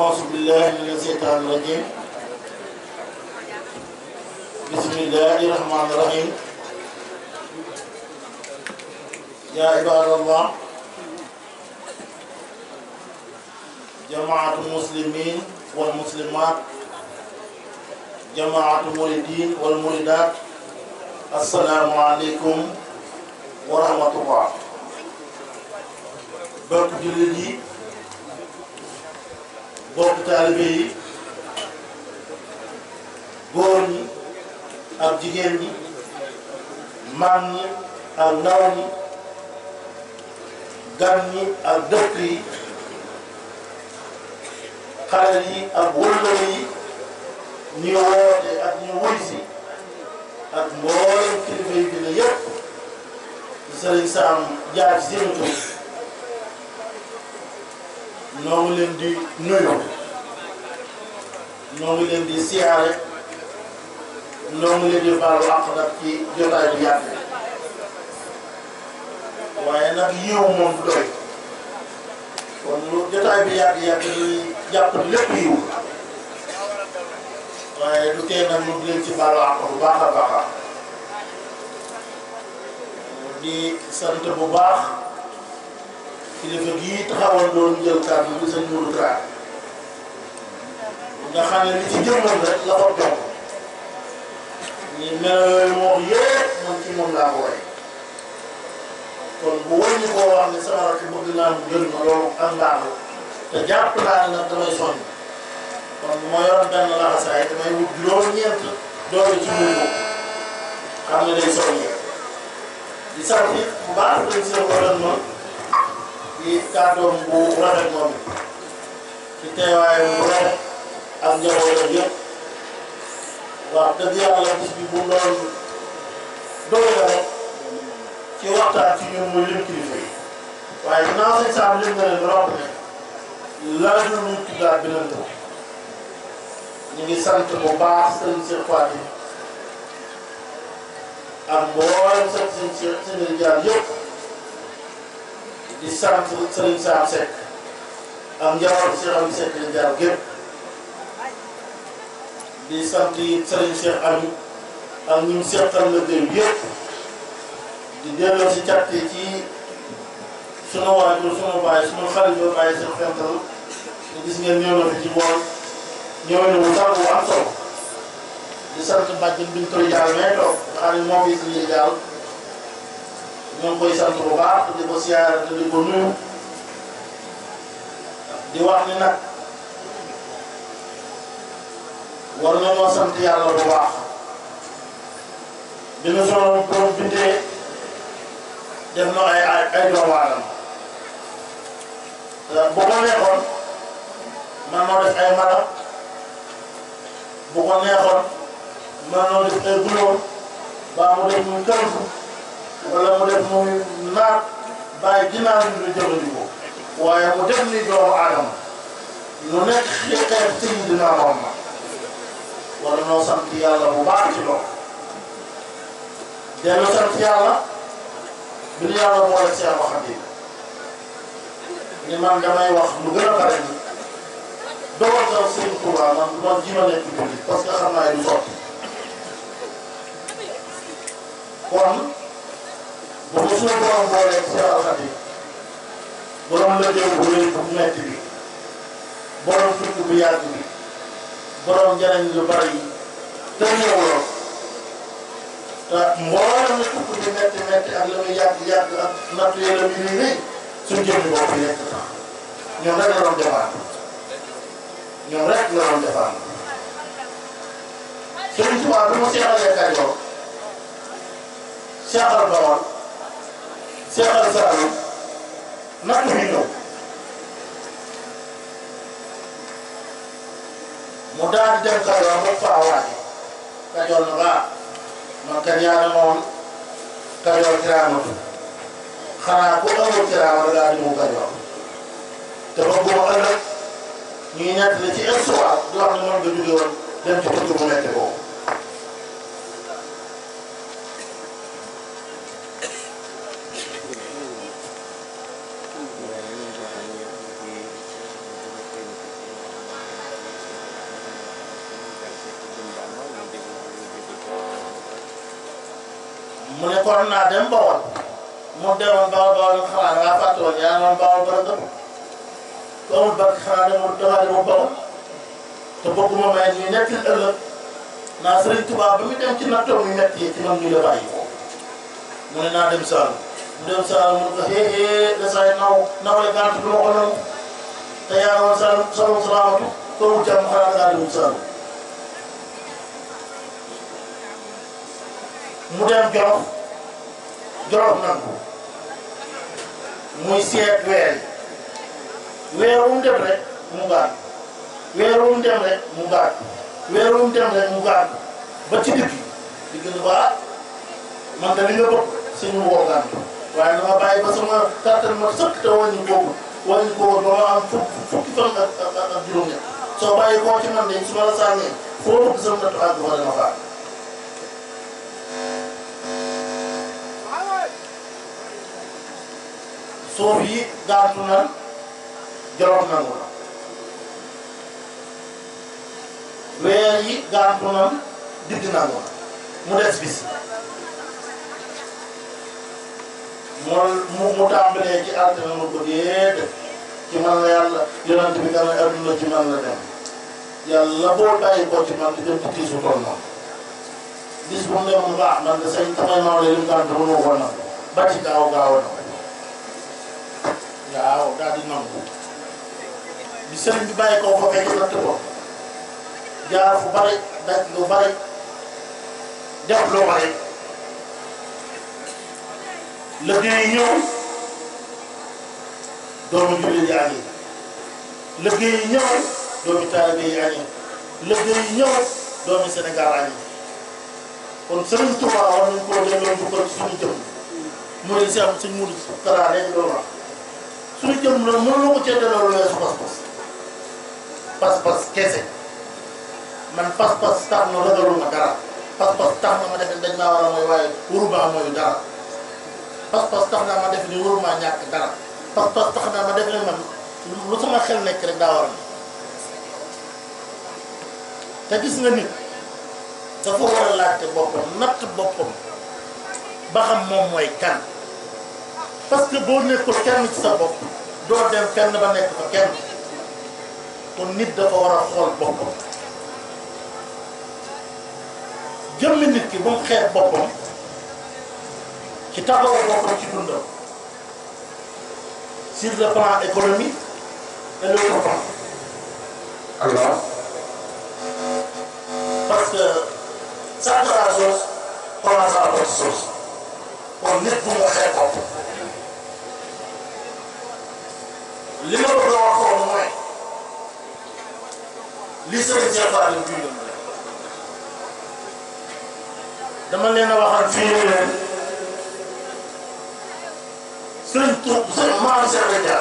أعوذ بالله من الشيطان الرجيم بسم الله الرحمن الرحيم يا عباد الله جماعة المسلمين والمسلمات جماعة المريدين والمريدات السلام عليكم ورحمة الله بارك جلدي bokk taalibe yi góor ñi ak jigéen ñi maam ñi ak ndaw ñi gan ñi ak dëkk yi xale yi ak wëllëre yi ñu woote ak ñu wuy si ak mboolem kilifa yi dina yépp sëriñ Saam jaar si seen tur noo leen di nuyu noo ngi leen di siyaare noo ngi leen di baal àq nag jotaay bi yàgg waaye nag yiw moom du doy kon lu jotaay bi yàgg yàgg yi jàpp lépp yiw waaye du tee nag ñu ngi leen ci baal àq bu baax a baax di sant bu baax. kilifa gii taxawal loolu jël kàddu bi sëñ Modou Kara nga xam ne li ci jëmmoon rek la ko topp moom yëpp man ci moom laa ko kon bu wëññi koo wax ne sama rakk bëgg naa mu jël ma loolu am baaxul te damay wut juróom-ñeent doole ci mbuubu xam ne day soññee di sax bu baax lañ si la ko ci kàddoom bu rafet moom ci teewaayam bu rafet ak njabootam yëpp wax dëgg yàlla bis bi bu doon doole la rek ci waxtaan ci ñun muy lim kilifa yi waaye naa sëñ Sam lim na leen romb ne laa dul ñu tuddaat beneen ko ñu ngi sant bu baax sëñ Cheikh Faty ak mboolem sëñ sëñ Cheikh sëñ di sant Sëriñ Sam Seck am njaboot Cheikh Aliou Seck di jaaw gépp di sant yi Sëriñ Cheikh Aliou ak ñun seqal na gën yëpp di delloo si càtte ci sunu waajur sunu baay sunu xarit yoo bàyyi seen fental te gis ngeen ñëw na fi ci bool ñëw na mu sax di sant bàjjen biñ koy jaal mee toog nga moom it lii jaal ñoo ngi koy sant bu baax di ko siyaare te di ko nuyu di wax ni nag war nañoo sant yàlla bu baax bi nu soo borom bindee def na ay ay ay doomu euh, bu ko neexoon man noo def ay mala bu ko neexoon man noo def ay gulóor baa mu def ñu kër wala mu def muy naat bàyyi ginnaaw bi ñu jëfandikoo waaye mu def ni doomu aadama lu nekk xeexeer sëñ dinaa moom ma wala noo sant yàlla bu baax ci loolu dellu sant yàlla bi ñu yàlla boole Seex Xaadim ni man damay wax lu gën a bare ni dogal sax sëñ Tuubaa man nekk jullit parce xam naa du sotti kon bu ko suñu borom booleeg Cheikh Al Khadim borom lëggéey bu rëy bu metti bi borom tukki bu yàgg bi borom njëriñ lu bari yi te ñëwuloo te mboolem na tukki bi metti metti ak la muy yàgg yàgg ak nattu yële bi ñuy rëy suñu jënd boobu nekk tax ñoom rek la doon defaan ñoom rek la doon defaan Sëriñ Tuubaa bi mu seexalee Kajoor seexal Bawol seexal saalu nag mu ñëw mu daal dem Kajoor mu faawaati Kajoor na baa man kat yaa dama woon Kajoor kiraama xanaa ku amul kiraama da ngaa ñëw Kajoor te bëgguma ëllëg ñu ngi ñett ci histoire di wax ne moom nga jóge woon dem ci dëkk bu metti boobu waroon naa dem Bawol mu demoon Bawol Bawol nga xamaa ne waa fàtte woon yaa noon Bawol Bawol dëpp koomu barke xanaa demul damaa demul Bawol te bokkuma may ñu nekk ëllëg naa Sëriñ Tuubaa ba mu dem ci nattoom yu métti yi ci moom ñu la bàyyi ko mu ne naa dem Saalum mu dem Saalum mu ne ko hee hee desaay naw naw la gàtt du ma ko nangu te yaa noon Saalum Saalum salaamatu koomu jàmm xanaa dangaa demul Saalum mu dem Jolof jolof nangu muy seet weer yi weer wu mu dem rek mu gaar weer wu dem rek mu gaar ba ci digg di gën ba man de li nga bëgg suñu woo gaan waaye dama bàyyi ba sama kàttan ma sëkk te wàññi boobu wàññi ko woon ba ma fukki fan ak juróom-ñett soo bàyyi koo ci man de su la sànnee foo bëgg sama nattu àgg fa dama faat suuf yi gaantu na jolof nanu la weer yi gaantu nan digg nanu la mu des bis mu mu tàmbalee ci altine mu ko dee def ci man la yàlla yonent bi gën a adduna ci man la dem yàlla boo bàyyi ko ci man dem ci tiisu tool moom bis bu mu mu baax man de sañ tamay maaw la lim gàntu mu nu ko nag ba ci gaaw gaaw na waaw daal di nangu bi sëriñ bi bàyyi koo foofee ci natt ko jaar fu bari daj lu bari def lu bari liggéey ñëw yi añi liggéey ñëw doomu taalibe yi añi liggéey ñëw doomu Sénégal añi kon sëriñ Tuubaa war nañ koo delloo njukkal suñu jëm mooy li si am sëñ Mudu Kara léegi doon wax suñu jëm la mënuloo ko cee delloo lu weesu pas-pas pas-pas kese man pas-pas tax na ragaluma dara pas-pas tax na ma def dañ maa war tax naa ma def ni wóorumaa ñàkk dara pas-pas tax naa ma def ne man lu sama xel nekk rek daa te gis nga nit dafa war a laajte boppam natt boppam ba xam moom mooy kan parce que boo nekkul kenn ci sa bopp. doo dem fenn ba nekk fa kenn kon nit dafa war a xool boppam jëmmi nit ki bu mu xeeb boppam ci taxaw boppam ci dundam sur le plan économique et le plan alors parce que chaque la sauce commence à l'autre sauce nit bu mu xeeb boppam li ma la doon waxoon mooy dama leen a waxal fii nii leen sëriñ Tuub sëriñ Maam Cheikh Béthio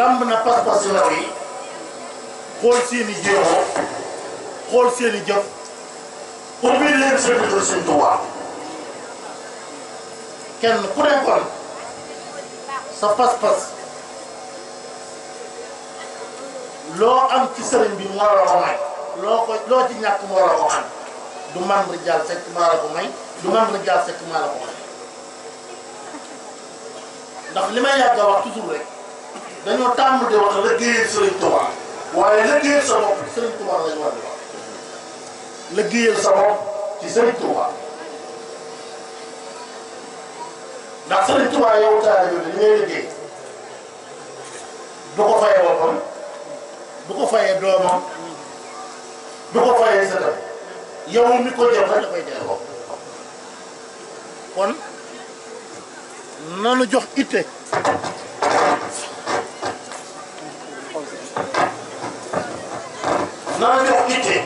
lamb na pas-pas ndaw yi xool seeni jéego xool seeni jëf pour biir leen sëriñ Tuubaa kenn ku nekkoon sa pas-pas loo am ci sëriñ bi moo la ko may loo ko loo ci ñàkk moo la ko am du man rijaal sekk maa la ko may ndax li may yàgg wax toujours rek dañoo tàmm di wax liggéeyal sëriñ Tuubaa waaye liggéeyal sa bopp sëriñ Tuubaa lañu sa bopp ci sëriñ Tuubaa ndax Sëriñ Tuubaa yow taalibe bi li ngay du ko fayee boppam du ko fayee doomam du ko fayee sëtam yow mi ko jox itte nanu jox itte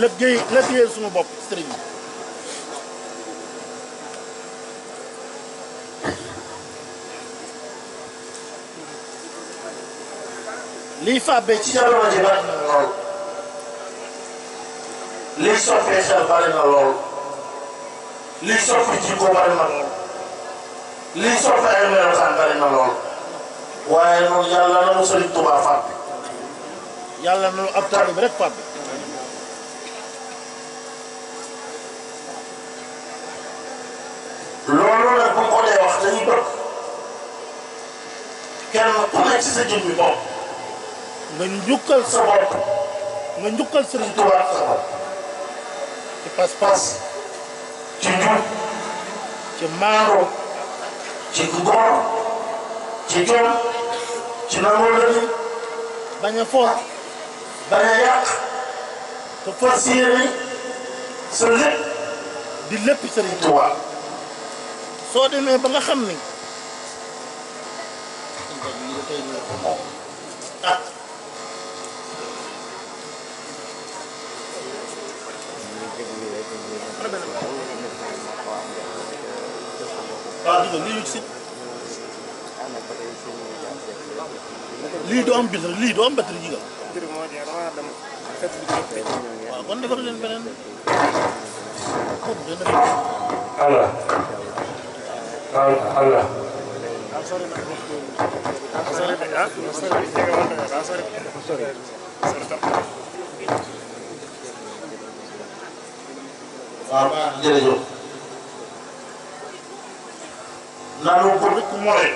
liggéey liggéeyal sunu bopp sëriñ lii fàbbee ci jamono ji bari na lool liy soppee xel bari na lool liy soppi jikko bari na lool liy na lool waaye noonu yàlla na nu Sëriñ Tuubaa fàbbi yàlla na nu ab loolu nag bu ko dee wax bëgg kenn ku nekk ci sa jëm bi nga njukkal sa bopp nga njukkal Sëriñ Tuubaa sa bopp ci pas-pas ci jub ci maaro ci góor ci jom ci nangoo lëni bañ a for bañ a yàq te sa lépp di lépp Sëriñ Tuubaa soo demee ba nga xam ni lii du am bitre lii du am batterie ji nga. waaw kon defar leen beneen. allah. allah. waaw jërëjëf. naanu góor ku mooy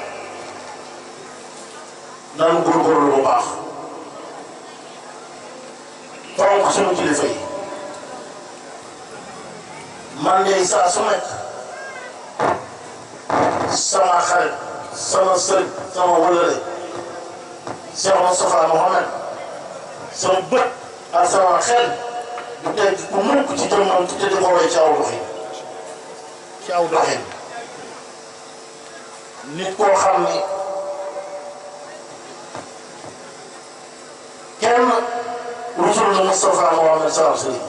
naanu góorgóorlu bu baax fonk sunu kilifa yi man de saa su nekk sama xarit sama sëriñ sama wëllëre Cheikh Moustapha Mohamed sama bët ak sama xel bu teg bu mukk ci jëmmam te di ko roy ci aw doxin ci aw doxin nit koo xam ni kenn rusul na Moustapha Mohamed Salou Seye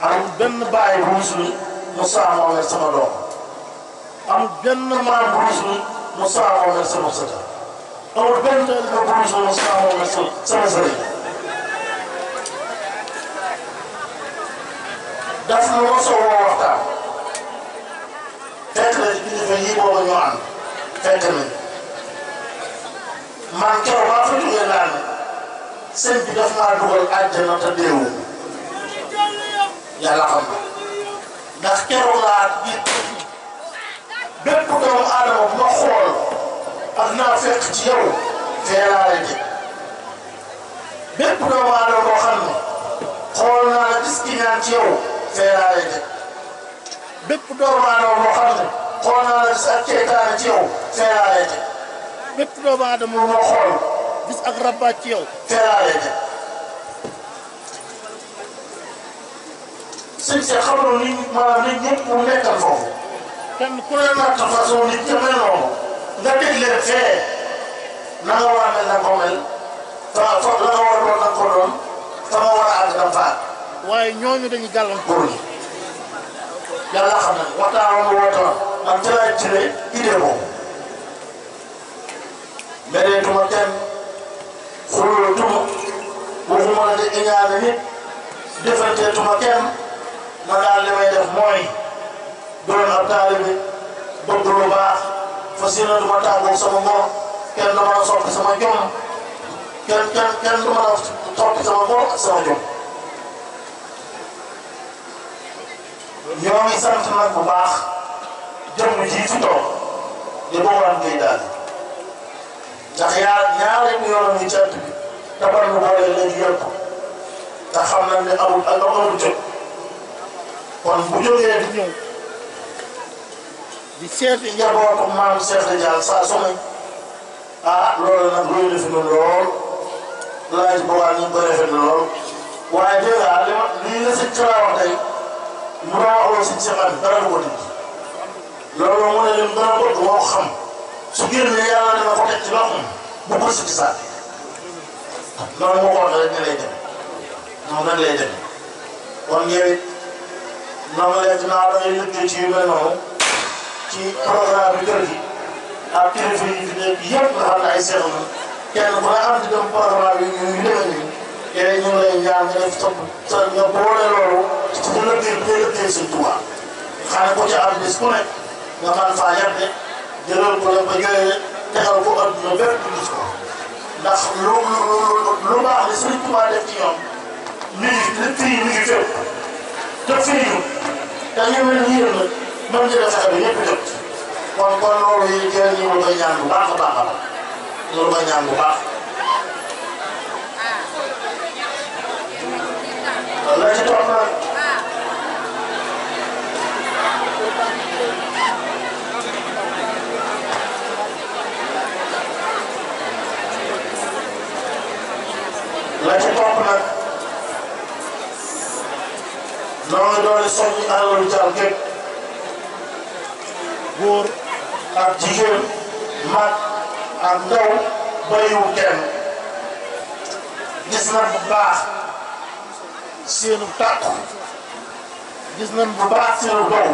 amul benn bàyyi bu rusul Moustapha Mohamed sama doom amul benn maam bu rusul Moustapha Mohamed sama sëta amul benn taalibe bu rusul Moustapha Mohamed sama sëriñ boobu am fekk nañ man keroog maa fa jógee naan sëñ bi daf maa dugal àjjana te deewu yàlla xam ndax keroog laa bi bépp doomu aadama bu ma xool ak fekk ci yow fee laa lay doomu aadama boo xam xool naa la gis ki ñaan ci yow fee doomu aadama boo xam xool naa la gis ci yow te laa lay teg. bépp mu ma xool. gis ak rabbaat ci yow. te laa lay teg. sëñ bi nit mu nekkal foofu. kenn ku ne naa façon nit ña mel nga teg leen fee. na nga a mel na ko mel. waaw nga war a doon fa nga war a àgg waaye ñooñu dañuy gàllankoor. yàlla xam na waxtaan woon waxtaan man ca laa jëlee idée boobu mereetuma kenn xulóotuma waxuma la te iñaane nit defanteetuma kenn ma daal li may def mooy doon ab taalibi bëgg lu baax fas yéene duma tàggoog sama ngor kenn du ma la sama jom kenn kenn kenn du sama ngor sama jom ñoo ngi sant nag bu baax jëmm ji fi toog di boobaan ngay daal ndax yaa ñaare ñu yoroon ñu bi te ban lu boole léegi ko te xam ne amul ak amul di ñëw di seeti ah loolu nag luy def na lool laaj boobaan ko waaye dèjà li ma lii la si ci mën naa woo si ceexal dara du ko dindi loolu mu ne leen dara bëgg woo xam su génnee yàlla dana ko teg ci loxoom bu ko si gisaat loolu moo ko wax rek ne lay demee moom nan lay demee kon yow it noonu la dinaa doon liggéey ci yu mel noonu ci programme bi kër gi ak kilifa yi fi nekk yëpp nga xam ne ay seexam kenn ku ne am di dem programme bi ñu ñu demee nii yéen ñu ngi lay ñaan nga def topp sa nga loolu pour nga dégg nga dégg Sëñ Tuubaa xanaa ko ci artiste ku nekk faa yem de jëlal ko la ba ñëwee lu lu lu baax li def ci ñoom mi ngi lépp fii mi ngi ni yéen nag ba ñëpp jot baax a baax baax loolu koy ñaan bu baax. wallaay la ci nag noonu doon soññi alalu jaal gépp góor ak jigéen mag ak ndaw bàyyiwu kenn gis na bu seenu tàkku gis nañ bu baax seenu dow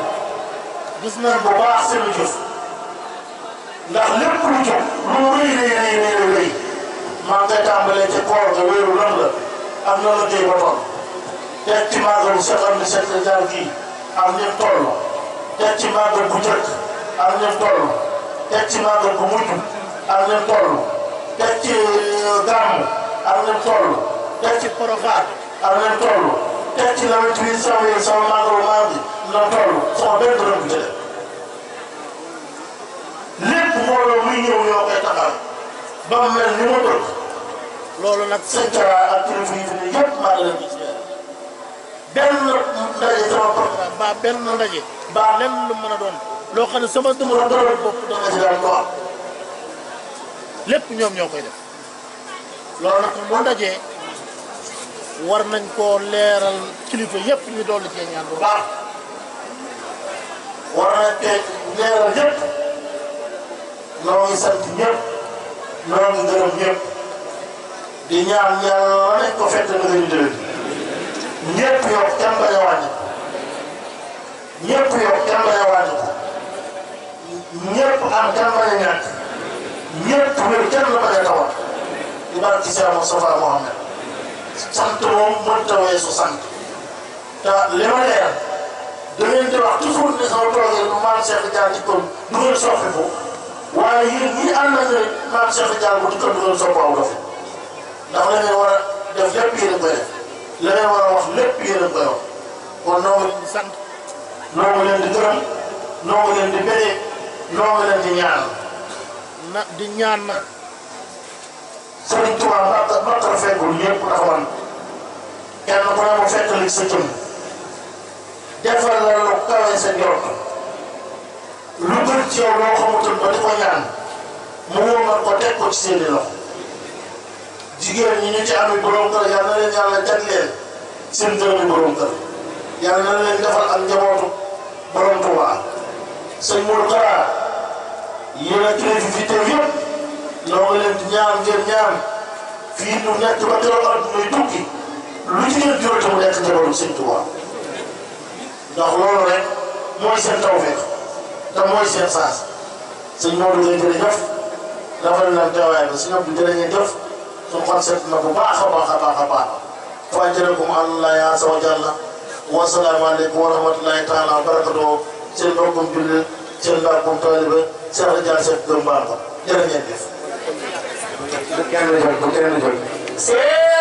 gis nañ bu baax seenu jëf ndax lépp lu jóg lu rëy rëy rëy rëy rëy maa ngi koy tàmbalee ci koor ga wéeru lan la ak noonu la tey ba toll teg ci màggal seqal ni secrétaire gii ak ñëpp toll teg ci màggal bu njëkk ak ñëpp toll teg ci màggal bu mujj ak ñëpp toll teg ci euh, gàmm ak ñëpp ak lan toll teg ñëw ñoo koy ba loolu nag benn ndaje ba lenn mën a doon loo xam ne sama dëmëra dara bopp lépp ñoom ñoo koy def loolu nag moo dajee war nañ koo leeral kilifa yëpp ñu dolli cee ñaan bu baax war nañ tey leeral yëpp noo ngi sant ñëpp noo ngi gërëm ñëpp di ñaan nañ ko fekk ba gën a déwén ñëpp yokk kenn bañ a wàññi am kenn bañ a ñàkk la bañ a tawal di barke ci Seex sant moom mënut a weesu sant te li ma leeral da di wax toujours ne sama projet bi maam Cheikh Diagne ci kaw du ngeen soppi waaye yéen ñii ànd ak yéen maam Cheikh bu ci kaw du ngeen soppi aw dof ndax la ngeen a def lépp yéen a koy def la ngeen wax lépp yéen a koy wax kon noo leen di sant noo leen di gërëm noo leen di béré noo leen di ñaan di ñaan Sëriñ a natt natt la fekkul ñëpp ndax mu fekk li sa defal la lu kawe sa njort lu gën ci yow loo xamutul ba di ko ñaan mu wóor na ko teg ko ci seeni loxo jigéen ñi ñu ci ami borom kër yàlla na leen yàlla jagleel seen dërëmi borom kër yàlla na leen defal ak njabootu borom Tuubaa sëñ Mourou Kara yéen a kilifa fi ñoo ngi leen di ñaan ngeen fii ñu nekk ba te mu nekk njabootu Sëñ Tuubaa ndax loolu rek mooy seen mooy seen saas sëñ Modou ngeen jërëjëf rafetlu na teewaay bi sëñ Abdou jërë ngeen jëf baax a baax a baax a baax fa ajrakum Allahi azza wa jalla wa salaamu aleykum wa rahmatullahi taala wa barakatuh seen mbokkum jullit seen mbokkum taalibe Cheikh Ndiaye Seck Dóor Mbarba jërë ngeen kenn lañ ko kenn lañ ko.